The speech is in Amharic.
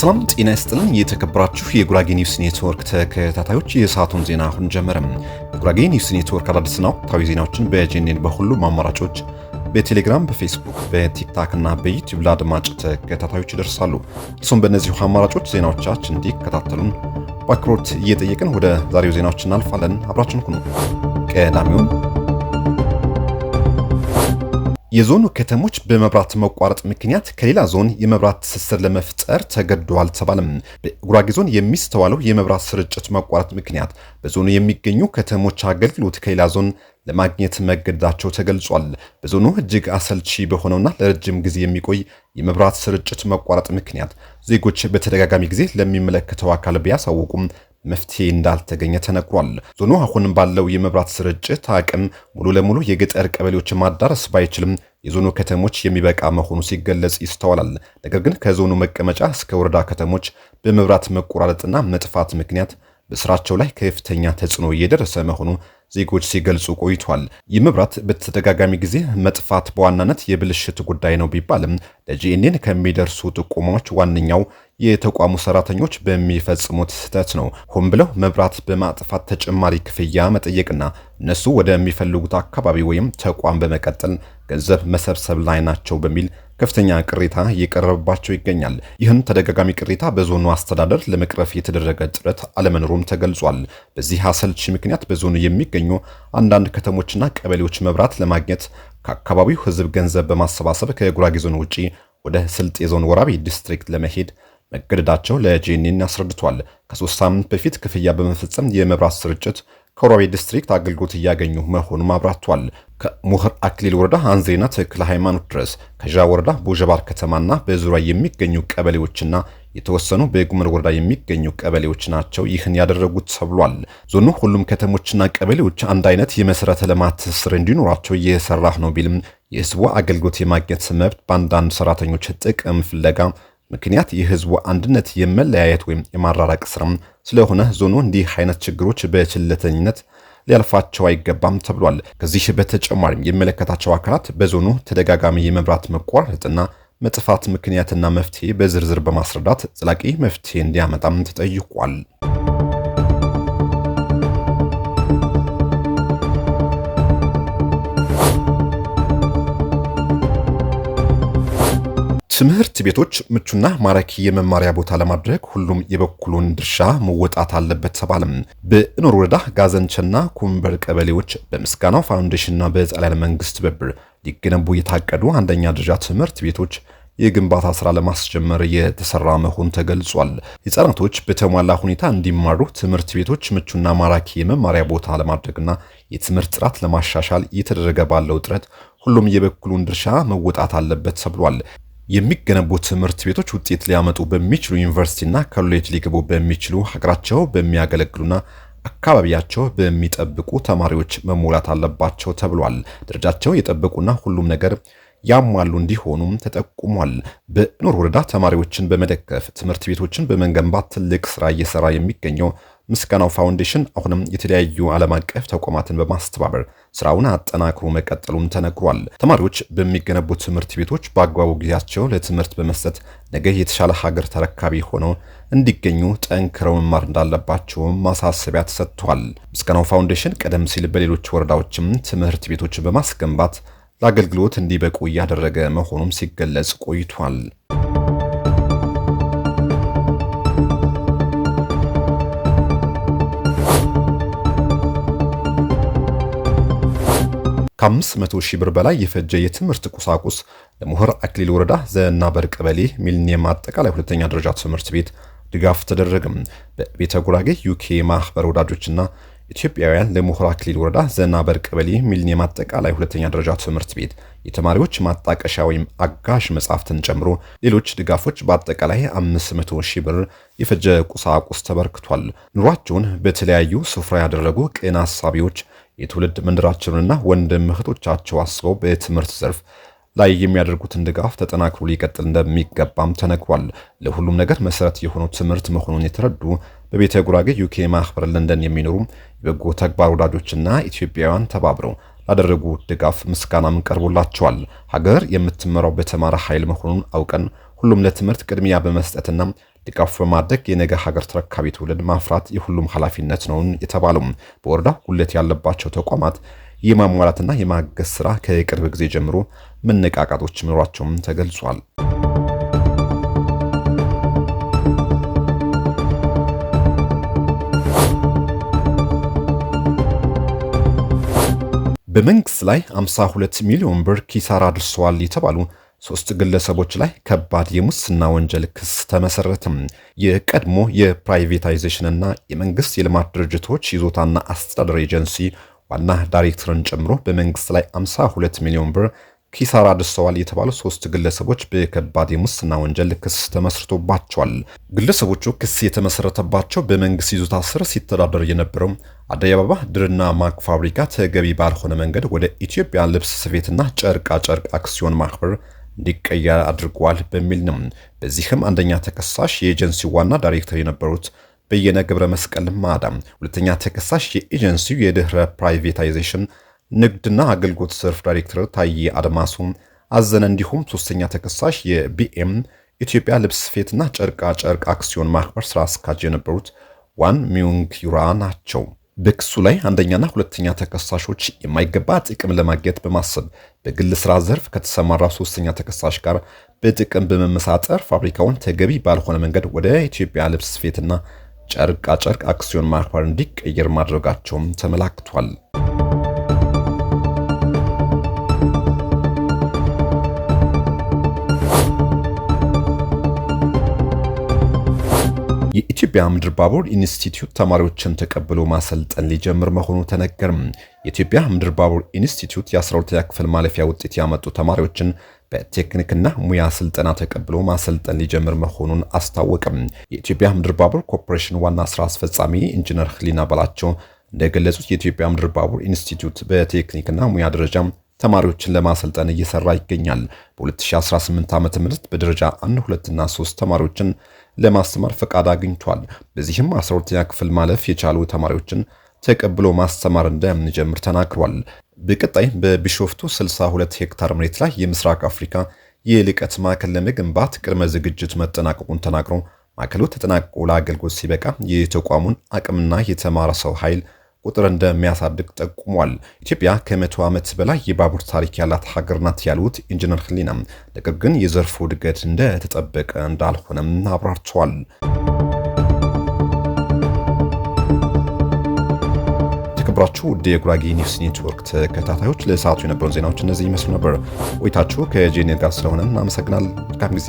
ሰላም ጤና ይስጥልን። የተከበራችሁ የጉራጌ ኒውስ ኔትወርክ ተከታታዮች የሰዓቱን ዜና አሁን ጀመረም። የጉራጌ ኒውስ ኔትወርክ አዳዲስና ወቅታዊ ዜናዎችን በጄኔን በሁሉም አማራጮች በቴሌግራም፣ በፌስቡክ፣ በቲክታክ እና በዩቲዩብ ለአድማጭ ተከታታዮች ይደርሳሉ። እሱም በእነዚሁ አማራጮች ዜናዎቻችን እንዲከታተሉን በአክብሮት እየጠየቅን ወደ ዛሬው ዜናዎች እናልፋለን። አብራችን ሁኑ። ቀዳሚውን የዞኑ ከተሞች በመብራት መቋረጥ ምክንያት ከሌላ ዞን የመብራት ትስስር ለመፍጠር ተገደዋል ተባለም። በጉራጌ ዞን የሚስተዋለው የመብራት ስርጭት መቋረጥ ምክንያት በዞኑ የሚገኙ ከተሞች አገልግሎት ከሌላ ዞን ለማግኘት መገደዳቸው ተገልጿል። በዞኑ እጅግ አሰልቺ በሆነውና ለረጅም ጊዜ የሚቆይ የመብራት ስርጭት መቋረጥ ምክንያት ዜጎች በተደጋጋሚ ጊዜ ለሚመለከተው አካል ቢያሳውቁም መፍትሄ እንዳልተገኘ ተነግሯል። ዞኑ አሁንም ባለው የመብራት ስርጭት አቅም ሙሉ ለሙሉ የገጠር ቀበሌዎችን ማዳረስ ባይችልም የዞኑ ከተሞች የሚበቃ መሆኑ ሲገለጽ ይስተዋላል። ነገር ግን ከዞኑ መቀመጫ እስከ ወረዳ ከተሞች በመብራት መቆራረጥና መጥፋት ምክንያት በስራቸው ላይ ከፍተኛ ተጽዕኖ እየደረሰ መሆኑ ዜጎች ሲገልጹ ቆይቷል። ይህ መብራት በተደጋጋሚ ጊዜ መጥፋት በዋናነት የብልሽት ጉዳይ ነው ቢባልም ለጂኤንኤን ከሚደርሱ ጥቆማዎች ዋነኛው የተቋሙ ሰራተኞች በሚፈጽሙት ስህተት ነው። ሆን ብለው መብራት በማጥፋት ተጨማሪ ክፍያ መጠየቅና እነሱ ወደሚፈልጉት አካባቢ ወይም ተቋም በመቀጠል ገንዘብ መሰብሰብ ላይ ናቸው በሚል ከፍተኛ ቅሬታ እየቀረበባቸው ይገኛል። ይህን ተደጋጋሚ ቅሬታ በዞኑ አስተዳደር ለመቅረፍ የተደረገ ጥረት አለመኖሩም ተገልጿል። በዚህ አሰልቺ ምክንያት በዞኑ የሚገኙ አንዳንድ ከተሞችና ቀበሌዎች መብራት ለማግኘት ከአካባቢው ሕዝብ ገንዘብ በማሰባሰብ ከጉራጌ ዞን ውጪ ወደ ስልጤ ዞን ወራቤ ዲስትሪክት ለመሄድ መገደዳቸው ለጄኔን አስረድቷል። ከሶስት ሳምንት በፊት ክፍያ በመፈጸም የመብራት ስርጭት ከሮቤ ዲስትሪክት አገልግሎት እያገኙ መሆኑ ማብራቷል ከሙህር አክሊል ወረዳ አንዝሬና ትክክለ ሃይማኖት ድረስ ከዣ ወረዳ ቦዣባር ከተማና በዙሪያ የሚገኙ ቀበሌዎችና የተወሰኑ በጉመር ወረዳ የሚገኙ ቀበሌዎች ናቸው ይህን ያደረጉት ተብሏል። ዞኑ ሁሉም ከተሞችና ቀበሌዎች አንድ አይነት የመሰረተ ልማት ትስስር እንዲኖራቸው እየሰራህ ነው ቢልም የህዝቡ አገልግሎት የማግኘት መብት በአንዳንድ ሰራተኞች ጥቅም ፍለጋ ምክንያት የህዝቡ አንድነት የመለያየት ወይም የማራራቅ ስራም ስለሆነ ዞኑ እንዲህ አይነት ችግሮች በችለተኝነት ሊያልፋቸው አይገባም ተብሏል። ከዚህ በተጨማሪም የሚመለከታቸው አካላት በዞኑ ተደጋጋሚ የመብራት መቋረጥና መጥፋት ምክንያትና መፍትሄ በዝርዝር በማስረዳት ዘላቂ መፍትሄ እንዲያመጣም ተጠይቋል። ትምህርት ቤቶች ምቹና ማራኪ የመማሪያ ቦታ ለማድረግ ሁሉም የበኩሉን ድርሻ መወጣት አለበት ተባለም። በእኖር ወረዳ ጋዘንቸና ኩምበር ቀበሌዎች በምስጋናው ፋውንዴሽንና በጣሊያን መንግስት ትብብር ሊገነቡ የታቀዱ አንደኛ ደረጃ ትምህርት ቤቶች የግንባታ ስራ ለማስጀመር የተሰራ መሆኑ ተገልጿል። ህጻናቶች በተሟላ ሁኔታ እንዲማሩ ትምህርት ቤቶች ምቹና ማራኪ የመማሪያ ቦታ ለማድረግና የትምህርት ጥራት ለማሻሻል እየተደረገ ባለው ጥረት ሁሉም የበኩሉን ድርሻ መወጣት አለበት ተብሏል። የሚገነቡ ትምህርት ቤቶች ውጤት ሊያመጡ በሚችሉ ዩኒቨርሲቲና ኮሌጅ ሊገቡ በሚችሉ ሀገራቸው በሚያገለግሉና አካባቢያቸው በሚጠብቁ ተማሪዎች መሞላት አለባቸው ተብሏል። ደረጃቸው የጠበቁና ሁሉም ነገር ያሟሉ እንዲሆኑም ተጠቁሟል። በኖር ወረዳ ተማሪዎችን በመደገፍ ትምህርት ቤቶችን በመገንባት ትልቅ ስራ እየሰራ የሚገኘው ምስጋናው ፋውንዴሽን አሁንም የተለያዩ ዓለም አቀፍ ተቋማትን በማስተባበር ስራውን አጠናክሮ መቀጠሉም ተነግሯል። ተማሪዎች በሚገነቡ ትምህርት ቤቶች በአግባቡ ጊዜያቸው ለትምህርት በመስጠት ነገ የተሻለ ሀገር ተረካቢ ሆነው እንዲገኙ ጠንክረው መማር እንዳለባቸውም ማሳሰቢያ ተሰጥቷል። ምስጋናው ፋውንዴሽን ቀደም ሲል በሌሎች ወረዳዎችም ትምህርት ቤቶች በማስገንባት ለአገልግሎት እንዲበቁ እያደረገ መሆኑም ሲገለጽ ቆይቷል። ከ500 ሺህ ብር በላይ የፈጀ የትምህርት ቁሳቁስ ለምሁር አክሊል ወረዳ ዘናበር ቀበሌ ሚሊኒየም አጠቃላይ ሁለተኛ ደረጃ ትምህርት ቤት ድጋፍ ተደረገም። በቤተ ጉራጌ ዩኬ ማህበር ወዳጆችና ኢትዮጵያውያን ለምሁር አክሊል ወረዳ ዘናበር ቀበሌ ሚሊኒየም አጠቃላይ ሁለተኛ ደረጃ ትምህርት ቤት የተማሪዎች ማጣቀሻ ወይም አጋዥ መጽሐፍትን ጨምሮ ሌሎች ድጋፎች በአጠቃላይ 500 ሺህ ብር የፈጀ ቁሳቁስ ተበርክቷል። ኑሯቸውን በተለያዩ ስፍራ ያደረጉ ቅን አሳቢዎች የትውልድ መንደራቸውንና ወንድም እህቶቻቸው አስበው በትምህርት ዘርፍ ላይ የሚያደርጉትን ድጋፍ ተጠናክሮ ሊቀጥል እንደሚገባም ተነግሯል። ለሁሉም ነገር መሰረት የሆነው ትምህርት መሆኑን የተረዱ በቤተ ጉራጌ ዩኬ ማህበር ለንደን የሚኖሩ የበጎ ተግባር ወዳጆችና ኢትዮጵያውያን ተባብረው ላደረጉ ድጋፍ ምስጋናም ቀርቦላቸዋል። ሀገር የምትመራው በተማረ ኃይል መሆኑን አውቀን ሁሉም ለትምህርት ቅድሚያ በመስጠትና ድጋፍ በማድረግ የነገ ሀገር ተረካቢ ትውልድ ማፍራት የሁሉም ኃላፊነት ነውን የተባለው በወረዳ ጉለት ያለባቸው ተቋማት የማሟላትና የማገዝ ስራ ከቅርብ ጊዜ ጀምሮ መነቃቃቶች መኖራቸውም ተገልጿል። በመንግስት ላይ 52 ሚሊዮን ብር ኪሳራ አድርሰዋል የተባሉ ሶስት ግለሰቦች ላይ ከባድ የሙስና ወንጀል ክስ ተመሰረትም። የቀድሞ የፕራይቬታይዜሽንና የመንግስት የልማት ድርጅቶች ይዞታና አስተዳደር ኤጀንሲ ዋና ዳይሬክተርን ጨምሮ በመንግስት ላይ 52 ሚሊዮን ብር ኪሳራ አድርሰዋል የተባሉ ሶስት ግለሰቦች በከባድ የሙስና ወንጀል ክስ ተመስርቶባቸዋል። ግለሰቦቹ ክስ የተመሰረተባቸው በመንግስት ይዞታ ስር ሲተዳደር የነበረው አዲስ አበባ ድርና ማቅ ፋብሪካ ተገቢ ባልሆነ መንገድ ወደ ኢትዮጵያ ልብስ ስፌትና ጨርቃ ጨርቅ አክሲዮን ማህበር እንዲቀየር አድርጓል በሚል ነው። በዚህም አንደኛ ተከሳሽ የኤጀንሲው ዋና ዳይሬክተር የነበሩት በየነ ገብረ መስቀል ማዳ፣ ሁለተኛ ተከሳሽ የኤጀንሲው የድህረ ፕራይቬታይዜሽን ንግድና አገልግሎት ዘርፍ ዳይሬክተር ታዬ አድማሱ አዘነ፣ እንዲሁም ሶስተኛ ተከሳሽ የቢኤም ኢትዮጵያ ልብስ ስፌትና ጨርቃ ጨርቅ አክሲዮን ማህበር ስራ አስካጅ የነበሩት ዋን ሚዩንግ ዩራ ናቸው። በክሱ ላይ አንደኛና ሁለተኛ ተከሳሾች የማይገባ ጥቅም ለማግኘት በማሰብ በግል ስራ ዘርፍ ከተሰማራ ሶስተኛ ተከሳሽ ጋር በጥቅም በመመሳጠር ፋብሪካውን ተገቢ ባልሆነ መንገድ ወደ ኢትዮጵያ ልብስ ስፌትና ጨርቃ ጨርቅ አክሲዮን ማህበር እንዲቀየር ማድረጋቸውም ተመላክቷል። የኢትዮጵያ ምድር ባቡር ኢንስቲትዩት ተማሪዎችን ተቀብሎ ማሰልጠን ሊጀምር መሆኑ ተነገርም። የኢትዮጵያ ምድር ባቡር ኢንስቲትዩት የ12ኛ ክፍል ማለፊያ ውጤት ያመጡ ተማሪዎችን በቴክኒክና ሙያ ስልጠና ተቀብሎ ማሰልጠን ሊጀምር መሆኑን አስታወቅም። የኢትዮጵያ ምድር ባቡር ኮርፖሬሽን ዋና ስራ አስፈጻሚ ኢንጂነር ህሊና በላቸው እንደገለጹት የኢትዮጵያ ምድር ባቡር ኢንስቲትዩት በቴክኒክና ሙያ ደረጃ ተማሪዎችን ለማሰልጠን እየሰራ ይገኛል። በ2018 ዓ.ም በደረጃ 1፣ 2ና 3 ተማሪዎችን ለማስተማር ፈቃድ አግኝቷል። በዚህም 12ኛ ክፍል ማለፍ የቻሉ ተማሪዎችን ተቀብሎ ማስተማር እንደምንጀምር ተናግሯል። በቀጣይ በቢሾፍቱ 62 ሄክታር መሬት ላይ የምስራቅ አፍሪካ የልቀት ማዕከል ለመገንባት ቅድመ ዝግጅት መጠናቀቁን ተናግሮ ማዕከሉ ተጠናቅቆ ለአገልግሎት ሲበቃ የተቋሙን አቅምና የተማረ ሰው ኃይል ቁጥር እንደሚያሳድግ ጠቁሟል። ኢትዮጵያ ከመቶ ዓመት በላይ የባቡር ታሪክ ያላት ሀገር ናት ያሉት ኢንጂነር ህሊና ነገር ግን የዘርፉ እድገት እንደተጠበቀ እንዳልሆነም አብራርተዋል። የተከበራችሁ ውድ የጉራጌ ኒውስ ኔትወርክ ተከታታዮች ለሰዓቱ የነበሩን ዜናዎች እነዚህ ይመስሉ ነበር። ቆይታችሁ ከጄኔር ጋር ስለሆነ እናመሰግናል። መልካም ጊዜ